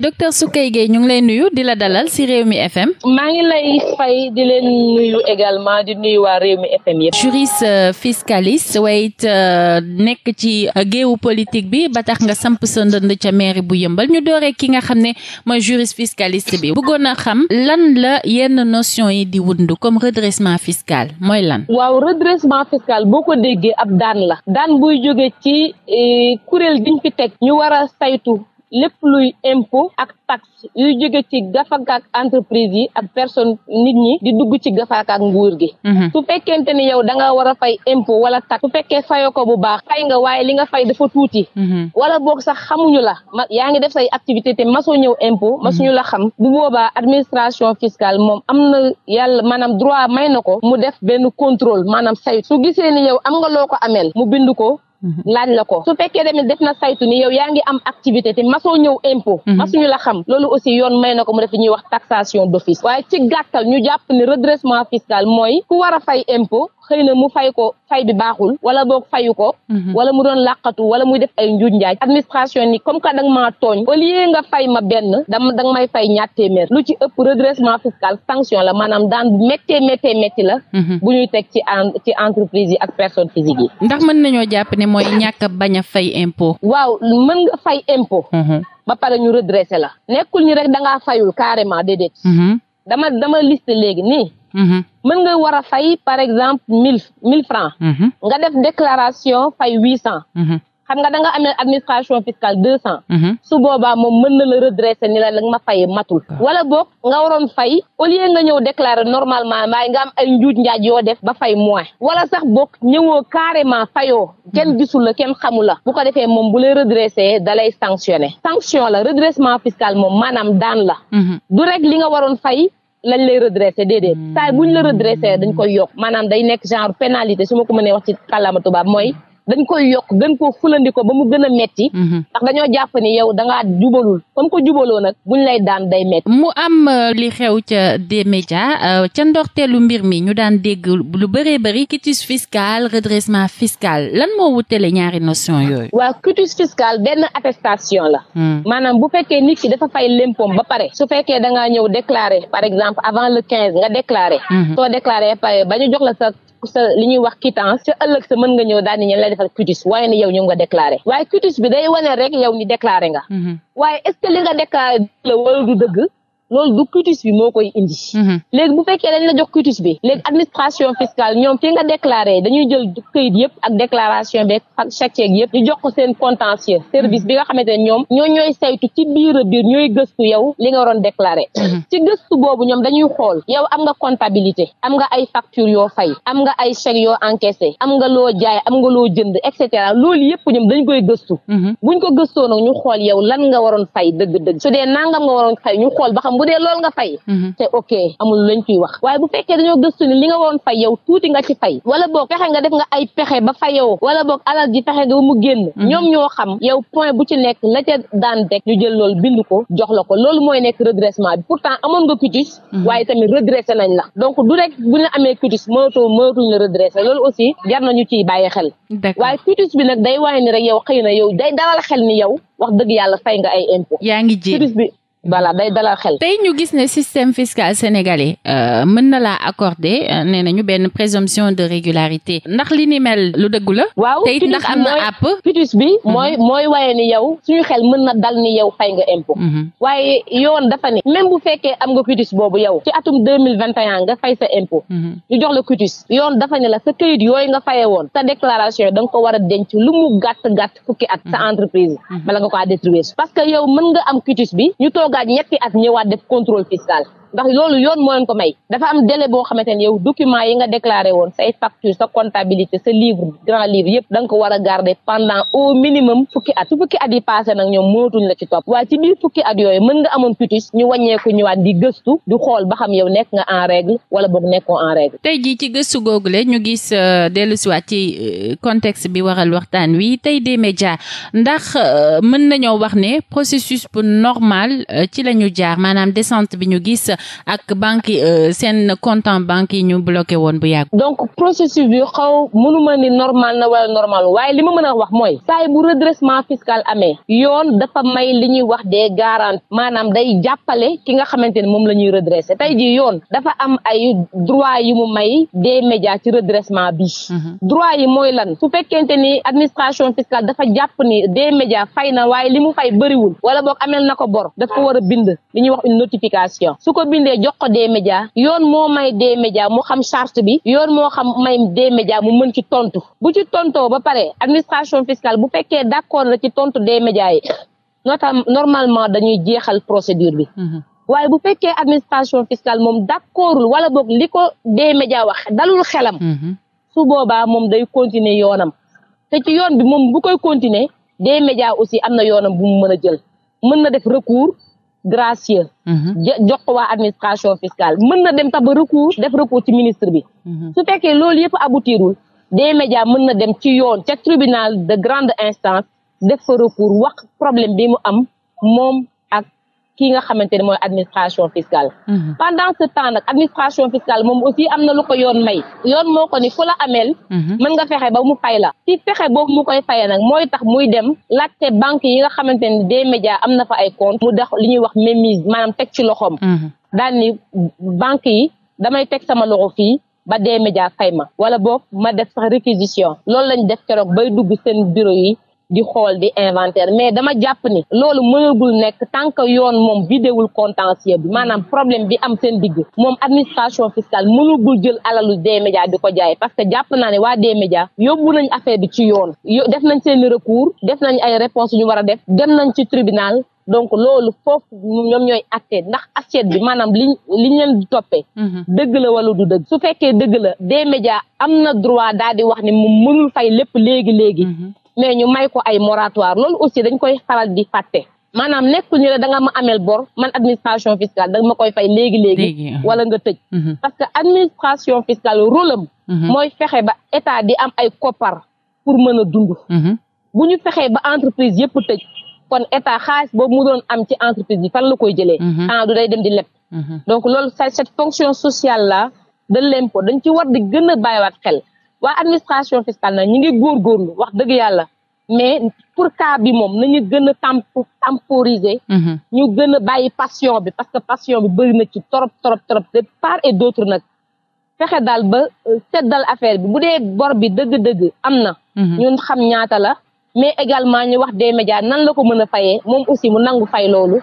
docteur Soukeye Gueye ñu ngi lay nuyu di la dalal ci mi FM. maa ngi lay fay di leen nuyu également di nuyu waa Rewmi FM yëpp. juriste euh, fiscaliste waaye it euh, nekk ci euh, géewu politique bi ba tax nga samp sa ndënd ca mairie bu yëmbal ñu dooree ki nga xam ne mooy juriste fiscaliste bi bëggoon a xam lan la yenn notion yi di wund comme redressement fiscal mooy lan. waaw redressement fiscal boo ko déggee ab daan la daan buy jóge ci eh, kuréel giñ fi teg ñu war a saytu. lépp luy impôt ak taxe yuy jóge ci gafakaak entreprise yi ak personne nit ñi di dugg ci gafakaak nguur gi mhm. su fekkente ni yow da nga war a fay impôt wala taxe su fekkee fayoo ko bu baax fay nga waaye li nga fay dafa tuuti mhm. wala boog sax xamuñu la ma yaa ngi def say activité te masoo ñëw impôt mhm. masuñu la xam bu boobaa administration fiscale moom am na yàlla maanaam droit may na ko mu def benn contrôle maanaam saytu su gisee ni yow am nga loo ko ameel mu bind ko Mhm. laaj la ko su fekkee tamit def na saytu ni yow yaa ngi am activité te masoo ñëw impôt mhm. masuñu la xam loolu aussi yoon may na ko mu def ñuy wax taxation d'office waaye ci gàttal ñu jàpp ne redressement fiscal mooy ku war a fay impôt xëy na mu fay ko fay bi baaxul wala boog fayu ko mhm. wala mu doon làqatu wala muy def ay njuuj njaaj administration ni comme que da nga maa tooñ au lieu nga fay ma benn dam da may fay ñaar téeméer lu ci ëpp redressement fiscal sanction la maanaam daan bu méttee méttee métti la mhm. bu ñuy teg ci ci entreprise yi ak personne physique yi ndax mën nañoo jàpp ne mooy ñàkk a bañ a fay impo waaw mën nga fay impo mhm. ba pare ñu redressé la nekkul ni rek da ngaa fayul carrément déedéet dama dama liste léegi nii Mm-hmm. mën nga war a fay par exemple mille mille francs mm-hmm. nga def déclaration fay huit cent mm-hmm. xam nga da nga amee administration fiscale deux cent su boobaa moom mën na la redresser ni la la ma fay matul wala boog nga waroon fay au lieu nga ñëw déclarer normalement maay nga am ay njuuj njaaj yoo def ba fay moins wala sax book ñëwoo carrément fayoo kenn gisul la kenn xamu la bu ko defee moom bu lay redresser da lay sanctionner sanction la redressement fiscal moom maanaam daan la du rek li lañ lay redressé déedéet hmm. saa buñ la redresé dañ koy yokk maanaam day nekk genre pénalité su ma ko mënee wax ci kàllaama tubaab mooy dañ koy yokk gën koo fulandi ba mu gën a metti mhm. ndax dañoo jàpp ni yow da ngaa jubalul kom ko jubaloo nag buñ lay daan day metti mu am euh, li xew ca des médias euh, ca ndorteelu mbir mi ñu daan dégg lu bëree bëri quitus fiscal redressement fiscal lan moo wutale ñaari notion yooyu waa quitus fiscal benn attestation la hmm. maanaam bu fekkee nit ki dafa fay l'impôt ba pare su fekkee da ñëw déclarer par exemple avant le quinze nga déclarer hmm. soo déclarer pare ba ñu jox la sa sa li ñuy wax quittance ca ëllëg sa mën nga ñëw daal ni ñeen lay defal quitus waaye ne yow ñëw nga déclaré waaye quitus bi day wane rek yow ni déclaré nga mhm. waaye est ce que li nga déclaré la wala du dëgg loolu du quitus bi moo koy indi mhm. léegi bu fekkee dañ la jox quitus bi léegi administration fiscale ñoom fi nga déclaré dañuy jël këyit yëpp ak déclaration bi ak chèque yëpp ñu jox ko seen contentieux service bi nga xamante ne ñoom ñoo ñooy saytu ci biir a biir ñooy gëstu yow li nga waroon déclaré mhm. ci gëstu boobu ñoom dañuy xool yow am nga comptabilité am nga ay facture yoo fay am nga ay chèque yoo encaissé am nga loo jaay am nga loo jënd et cetera loolu yëpp ñoom dañ koy gëstu mhm. buñ ko gëstoo nag ñu xool yow lan nga waroon fay dëgg-dëgg su dee nangam nga waroon fay ñu xool ba xam bu dee loolu nga fay c'est mm-hmm. ok amul lañ ciy wax waaye bu fekkee dañoo gëstu ni li nga woon fay yow tuuti nga ci fay wala boog fexe nga def nga ay pexe ba fayoo wala boog alal ji fexe nga ba mu génn mm-hmm. ñoom ñoo xam yow point bu ci nekk la ca daan dekk ñu jël loolu bind ko jox la ko loolu mooy nekk redressement bi pourtant amoon nga cutis mm-hmm. waaye tamit redressé nañ la donc du rek bu ñu amee cutis mënatoo mënatuñ la redressé loolu aussi jar nañu ciy bàyyi xel waaye cutis bi nag day waaye na yow day dalal xel ni yow wax dëgg yàlla voilà day dalal xel. tey ñu gis ne système fiscal sénégalais euh, mën na laa accordé euh, nee ñu benn présomption de régularité ndax li ni mel lu dëgg la. waaw tey ndax am na àpp. fitus bi mhm. mooy mooy waye ni yow ñu xel mën na dal ni yow fay nga impôt. Mhm. waaye yoon dafa ne. même bu fekkee am nga fitus boobu yaw ci atum deux mille vingt et nga fay sa impôt. Mhm. ñu jox la fitus yoon dafa ne la sa këyit yooyu nga faye woon. sa déclaration da nga ko war a denc lu mu gàtt gàtt fukki at. sa entreprise. ko a daal ñetti at ñëwaat def contrôle fiscal ndax loolu yoon moo ko may dafa am délai boo xamante ne yow document yi nga déclaré woon say facture sa comptabilité sa livre grand livre yëpp da nga ko war a garder pendant au minimum fukki at su fukki at yi passé nag ñoom mënatuñ la ci topp waaye fukki at yooyu mën nga amoon putis ñu wàññeeku waat di gëstu di xool ba xam yow nekk nga en règle wala boog nekkoo en règle tey jii ci gëstu googu le ñu gis euh, dellusiwaat ci euh, contexte bi waral waxtaan wi tey des médias ndax euh, mën nañoo wax ne processus bu normal ci lañu jaar maanaam descente bi ñu gis ak banque yi euh, seen compte en banque yi ñu bloqué woon bu yàgg. donc processus bi xaw mënuma ni normal na wala normal waaye li ma mën a wax mooy. saay bu redressement fiscal amee. yoon dafa may li ñuy wax des garanties maanaam day jàppale ki nga xamante ni moom la ñuy redressé tey jii yoon dafa am ay droit yu mu may des médias ci redressement bi. Mhm. droit yi mooy lan su fekkente ni administration fiscale dafa jàpp ni des médias fay na waaye li mu fay bëriwul wala boog amel na ko bor daf war a bind li ñuy wax bindee jox ko des médias yoon moo may des médias mu xam charte bi yoon moo xam may des médias mu mën ci tontu bu ci tontoo ba pare administration fiscale bu fekkee d'accord na ci tontu des médias yi notam normalement dañuy jeexal procédure bi. Mhm. waaye bu fekkee administration fiscale moom d'accordul wala boog li ko des médias wax dalul xelam. Mhm. su boobaa moom day continuer yoonam te ci yoon bi moom bu koy continuer des médias aussi am na yoonam bu mu mën a jël mën na def recours. gracieux mhm. jox ko waa administration fiscale mën na dem tax ba recours def recours ci ministre bi mhm. su fekkee loolu yëpp aboutirul des médias mën na dem ci yoon ca tribunal de grande instance def fa recours wax problème bi mu am moom kii nga xamante ne mooy administration fiscale mhm. pendant ce temps nag administration fiscale moom aussi am na lu ko yoon may yoon moo ko ni fu la ameel mhm. mën nga fexe ba mu fay la si fexe boobu mu koy fayee nag mooy tax muy dem laajte banque yi nga xamante ni des médias am na fa ay compte mu dex li ñuy wax mémise maanaam teg ci loxoom mhm. daal ni banque yi damay teg sama loxo fii ba dee médias fay ma wala boobu ma def sax réquisition loolu lañ def keroog bay dugg seen bureau yi di xool di inventaire mais dama jàpp ni loolu mënagul nekk tant que yoon moom vidéowul contentieux bi maanaam problème bi am seen digg moom administration fiscale mënagul jël alalu D-Média di ko jaay parce que jàpp naa ne waa D-Média yóbbu nañ affaire bi ci yoon def nañ seen recours def nañ ay réponses ñu war a def dem nañ ci tribunal donc loolu foofu ñoom ñooy acté ndax assiette bi maanaam li liñ leen di toppee mm-hmm. dëgg la wala du dëgg su fekkee dëgg la D-Média am na droit daal di wax ne moom mënul fay lépp léegi-léegi mais ñu may ko ay moratoire loolu aussi dañ koy xaral di fàtte maanaam nekkul ñu ne da nga ma ameel bor man administration fiscale da ma koy fay léegi léegi uh-huh. wala nga tëj uh-huh. parce que administration fiscale rôle am uh-huh. mooy fexe ba état di am ay koppar pour mën a dund bu ñu fexe ba entreprise yëpp tëj kon état xaalis boobu mu doon am ci entreprise bi fan la koy jëlee ah du day dem di leb donc loolu cette fonction sociale là de l'impôt dañ ci war di gën a xel waa administration fiscale nag ñi ngi góor góorgóorlu wax dëgg yàlla mais pour cas bi moom nañu gën a tempo temporiser mhm. ñu gën a bàyyi passion bi parce que passion bi bëri na ci trop trop trop de part et d'autre nag fexe daal ba euh, seddal affaire bi bu dee bor bi dëgg-dëgg am na mhm. ñun xam ñaata la mais également ñu wax des médias nan la ko mën a fayee moom aussi mu nangu fay loolu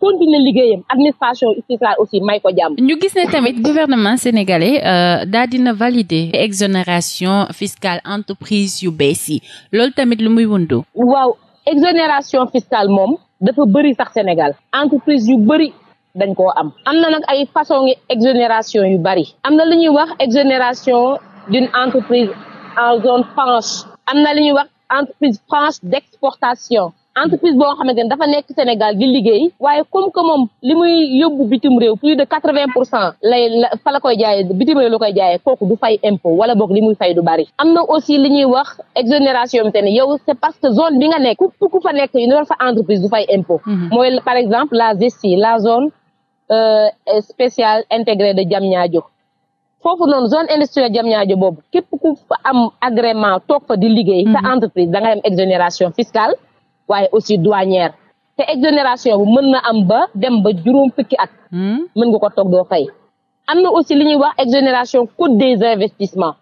continuer liggéeyam administration fiscale aussi may ko jàmm. ñu gis ne tamit gouvernement sénégalais euh, daa dina valider exonération fiscale entreprise yu bees yi loolu tamit lu muy wundu. waaw exonération fiscale moom dafa bëri sax Sénégal entreprise yu bëri. dañ ko am am na nag ay façon ngi exonération yu bari am na lu ñuy wax exonération d'une entreprise en zone franche am na lu ñuy wax entreprise franche d'exportation entreprise boo xamante ne dafa nekk Sénégal di liggéey waaye comme que moom li muy yóbbu bitim réew plus de quatre vingt pour cent lay fa la koy jaayee bitim réew la koy jaayee kooku du fay impôt wala boog li muy fay du bari. am na aussi li ñuy wax exonération bi te ne yow c'est parce que zone bi nga nekk ku ku fa nekk ñu fa entreprise du fay impôt. Mhm. mooy par exemple la ZESTI la zone euh, spéciale intégrée de Diamniadio foofu noonu zone industrielle Diamniadio boobu képp ku fa am agrément toog fa di liggéey. sa mhm. entreprise da am exonération fiscale. waaye aussi douanière te exonération bu mën na am ba dem ba juróom fukki ak hmm? mën nga ko toog doo fay am na aussi li ñuy wax exonération coût des investissements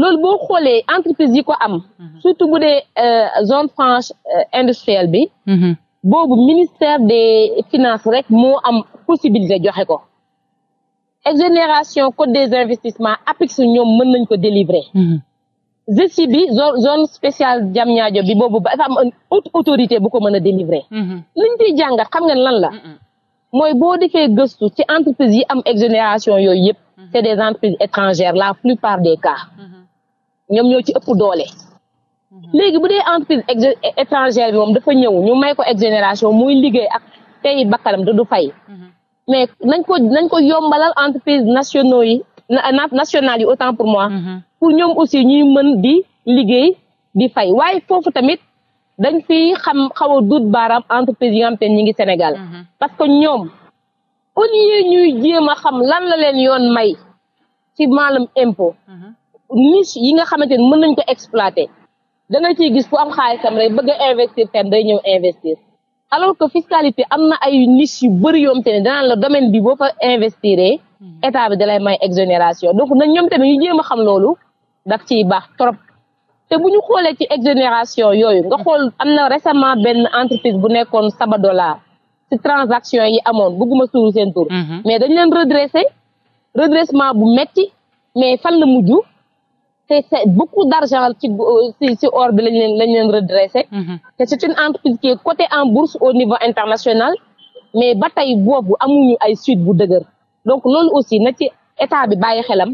loolu boo xoolee entreprise yi ko am hmm. surtout bu dee euh, zone franche euh, industrielle bi hmm. boobu ministère des finances rek moo am possibilité joxe ko exonération coût des investissements APIX ñoom mën nañ ko délivrer GIE bi zone zone spéciale Diamniadio bi boobu ba dafa am haute autorité bu ko mën a délivrer. Mm-hmm. lu ñu ciy jàngat xam ngeen lan la. mooy boo defee gëstu ci entreprise yi am exonération yooyu yëpp. Mm-hmm. c'est des entreprises étrangères la plupart des cas. Mm-hmm. ñoom ñoo ci ëpp doole. léegi bu dee entreprise étrangère bi moom dafa ñëw ñu may ko exonération muy liggéey ak tey bakkanam du du fay. mais nañ ko nañ ko yombalal entreprise nationaux yi na nationales yi autant pour moi. pour ñoom aussi ñuy mën di liggéey di fay waaye foofu tamit dañ fi xam xaw a duut baaraam entreprise yi nga xam ñi ngi Sénégal mm-hmm. parce que ñoom au lieu jéem a xam lan la leen yoon may ci maalum impôt mm-hmm. niche yi nga xamante ni mën nañ ko exploiter da nga gis fu am xaalisam rek bëgg a investir ten day ñëw investir alors que fiscalité am na ay niche yu bëri yoo xam te ne danaan la domaine bi boo fa investir mm-hmm. état bi da lay may exonération donc nañ ñoom tamit ñu jéem a xam loolu daf ciy baax trop te bu ñu xoolee ci exonération yooyu nga xool am na récemment benn entreprise bu nekkoon Sabadola ci transaction yi amoon bëgguma suuru seen tur mhm. mais dañ leen redressé redressement bu metti mais fan la mujj te c'est beaucoup d'argent ci ci ci or bi lañ leen lañ leen redressé mhm. te c'est une entreprise qui est cotée en bourse au niveau international mais ba tey boobu amuñu ay suite bu dëgër donc loolu aussi na ci état bi bàyyi xelam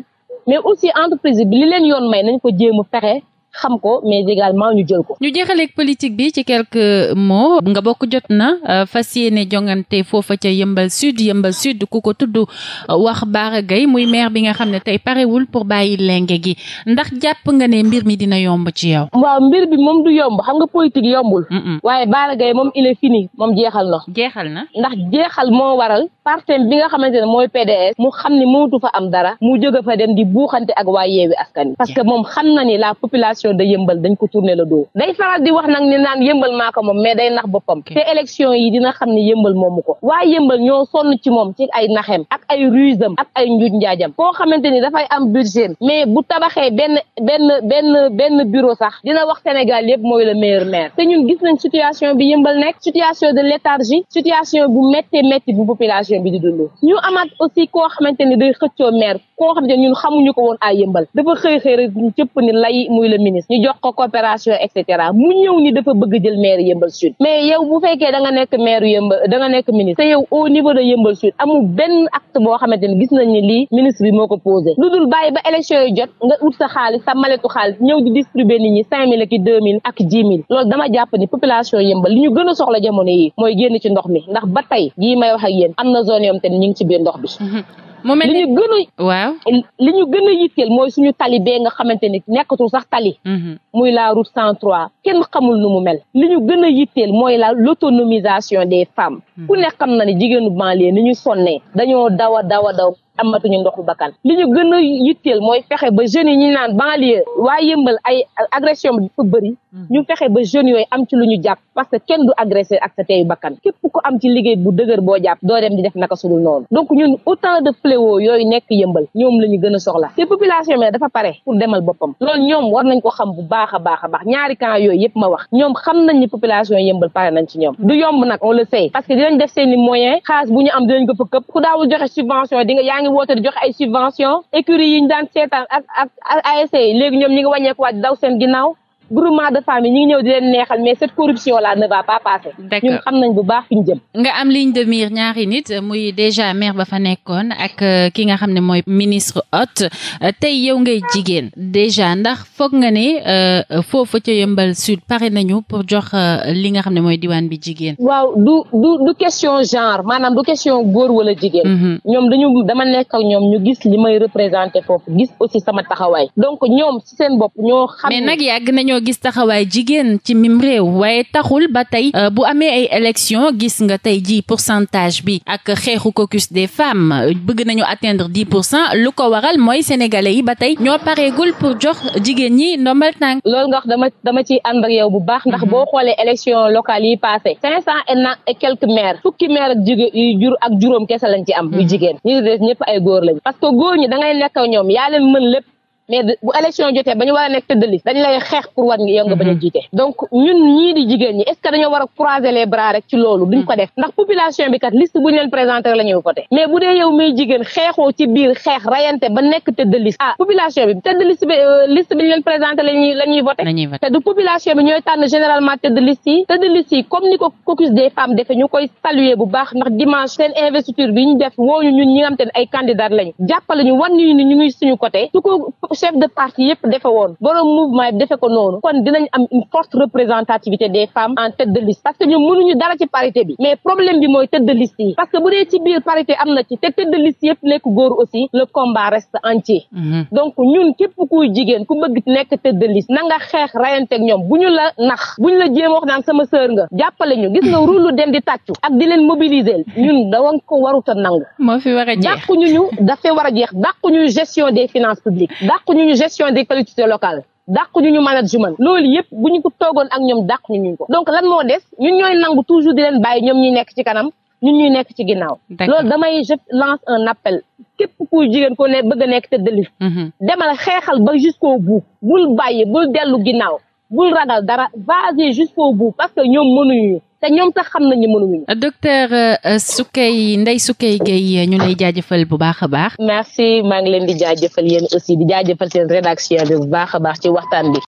mais aussi entreprise bi li leen yoon may nañ ko jéem a fexe xam ko mais également ñu jël ko. ñu jeexaleeg politique bi ci quelques mots nga bokk jot na euh, fa yéene jongante foofa ca yëmbal sud yëmbal sud ku ko tudd euh, wax Bara Gaye muy meer bi nga xam ne tey parewul pour bàyyi lenge gi ndax jàpp nga ne mbir mi dina yomb ci yow. waaw mbir mi moom du yomb xam nga politique yombul. waaye Bara Gaye moom il fini moom jeexal na. jeexal na ndax jeexal moo waral. parten bi nga xamante ne mooy PDS. mu xam ni mënatu fa am dara. mu jóge fa di buuxante ak waa population de yëmbal dañ ko tourner le dos day faral di wax nag ni naan yëmbal maa moom mais day nax boppam te élection yi dina xam ne yëmbal moomu ko waa yëmbal ñoo sonn ci moom ci ay naxem ak ay rusam ak ay njuuj njaajam koo xamante ni dafay am budget mais bu tabaxee benn benn benn benn bureau sax dina wax Sénégal yëpp mooy le meilleur maire te ñun gis nañ situation bi yëmbal nekk situation de léthargie situation bu métti métti bu population bi di dund ñu amaat aussi koo xamante ni day xëccoo koo xamante ni ministre ñu jox ko coopération et cetera mu ñëw ni dafa bëgg jël maire yëmbal sud mais yow bu fekkee da nga nekk maire yëmbal da nga nekk ministre te yow au niveau de yëmbal sud amul benn acte boo xamante ni gis nañ ni lii ministre bi moo ko posé lu dul bàyyi ba élection yi jot nga ut sa xaalis sa maletu xaalis ñëw di distribuer nit ñi cinq mille ak deux mille ak dix mille loolu dama jàpp ni population yëmbal li ñu gën soxla jamono yi mooy génn ci ndox mi ndax ba tey jii may wax ak yéen am na zone yoom te ñu ngi ci biir ndox mm-hmm. mu mel li ñu gën a. waaw li ñu gën a yitteel mooy suñu tali bee nga xamante ni nekkatul sax tali. Mm-hmm. muy la route 103 kenn xamul nu mu mel. li ñu gën a yitteel mooy la l' autonomisation des femmes. Mm-hmm. ku nekk xam na ne jigéenu banlieue ni ñu sonnee. dañoo daw a daw a daw. amatuñu ndoxu bakkan li ñu gën yitteel mooy fexe ba jeunes yi ñu naan banlieue waa yëmbal ay agression bi dafa bëri hmm. ñu fexe ba jeunes yooyu am ci lu ñu jàpp parce que kenn du agressé ak sa teeyu bakkan képp ku am ci liggéey bu dëgër boo jàpp doo dem di def naka sudul noonu donc ñun autant de fléaux yooyu nekk ñoom la ñu gën a soxla te population bi dafa pare pour demal boppam loolu ñoom war nañ ko xam bu baax a baax a baax ñaari camp yooyu yëpp ma wax ñoom xam nañ ni population yëmbal pare nañ ci ñoom du yomb nag on le parce que dinañ def seen i moyen xaalis bu ñu am dinañ ko fa këpp ku daawul joxe subvention di nga yaa ngi woote di joxe ay subvention écurie yi ñu daan seetaan ak ak léegi ñoom ñi ngi wàññeekuwaat daw seen ginnaaw groupement de famille ñi ngi ñëw di leen neexal mais corruption là ne va pas ñun xam nañ bu baax fi ñu jëm. nga am ligne de mire ñaari nit muy déjà maire ba fa nekkoon ak euh, ki nga xam ne mooy ministre hôte euh, tey yow ngay jigéen déjà ndax foog nga ne euh, foofu ca yëmbal sud pare nañu pour jox li nga xam ne mooy diwaan bi jigéen. waaw du du du question genre maanaam du question góor wala jigéen. Mm-hmm. ñoom dañu dama nekk ak ñoom ñu gis li may représenté foofu gis aussi sama taxawaay dañoo gis taxawaay jigéen ci mim réew waaye taxul ba tey euh, bu amee ay élection gis nga tey ji pourcentage bi ak xeexu caucus des femmes bëgg nañu atteindre dix pour cent lu ko waral mooy sénégalais yi ba tey ñoo pareegul pour jox jigéen ñi ndombal tànk loolu nga dama dama ciy ànd ak yow bu baax ndax mhm. boo xoolee élection locale yi passé cinq cent et na et quelques fukki maire ak jigéen yu ak juróom kese lañ ci am yu mhm. jigéen ñi ay góor lañ parce góor ñi da nekk ñoom yaa leen mën lépp mais bu élection jotee ba ñu war a nekk tëdd liste dañu lay xeex pour war yow nga bañ a mhm. jiite donc ñun ñii di jigéen ñi est-ce que dañoo war a croiser les bras rek ci loolu duñ ko mhm. def ndax population bi kat liste bu ñu leen présenté la ñuy voté mais bu dee yow muy jigéen xeexoo ci biir xeex rayante ba nekk tëdd liste ah population bi tëdd liste bi euh, liste bi ñu leen présenté lañuy la ñuy voté te du population bi ñooy tànn généralement tëdd liste yi tëdd liste yi comme ni ko caucus des femmes defee ñu koy saluer bu baax ndax dimanche seen investiture bi ñu def wooñu ñun ñi nga xam te ne ay candidat lañu jàppale ñu wan ñu ni ñu ngi suñu côté su ko chef de parti yëpp defe woon borom mouvement yi defe ko noonu kon dinañ am une forte représentativité des femmes en tête de liste parce que ñu mënuñu dara ci parité bi bi mooy tête de liste yi que bu biir parité am na ci nekk góor aussi le combat reste entier mhm. donc ñun képp kuy jigéen ku bëgg nekk tête de liste na nga xeex rayanteeg ñoom bu ñu la nax bu ñu la jéem wax naan sama sœur nga jàppale ñu gis nga rulu dem di tàccu ak di leen mobiliser ñun da wan ko waruta nangu moo fi war dàqu ñu ñu dafay war a jeex dàqu ñu gestion des finances publiques dàqu dàquñu ñu gestion des collectivités locales dàquñu ñu management loolu yëpp bu ñu ko toogoon ak ñoom dàquñu ñu ko donc lan moo des ñun ñooy nangu toujours di leen bàyyi ñoom ñuy nekk ci kanam ñu ñuy nekk ci ginnaaw loolu damay je lance un appel képp kuy jigéen ko ne bëgg a nekk tëdd liste mm-hmm. demal xeexal ba jusqu'au bout bul bàyyi bul dellu ginnaaw bul ragal dara vas-y jusqu'au parce que ñoom mënuñu te ñoom tax xam nañu mënuñu. docteur euh, euh, Soukeye Ndeye Soukeye Gueye euh, ñu lay jaajëfal bu baax a baax. merci maa ngi leen di jaajëfal yéen aussi di jaajëfal seen rédaction bi bu baax a baax ci waxtaan bi.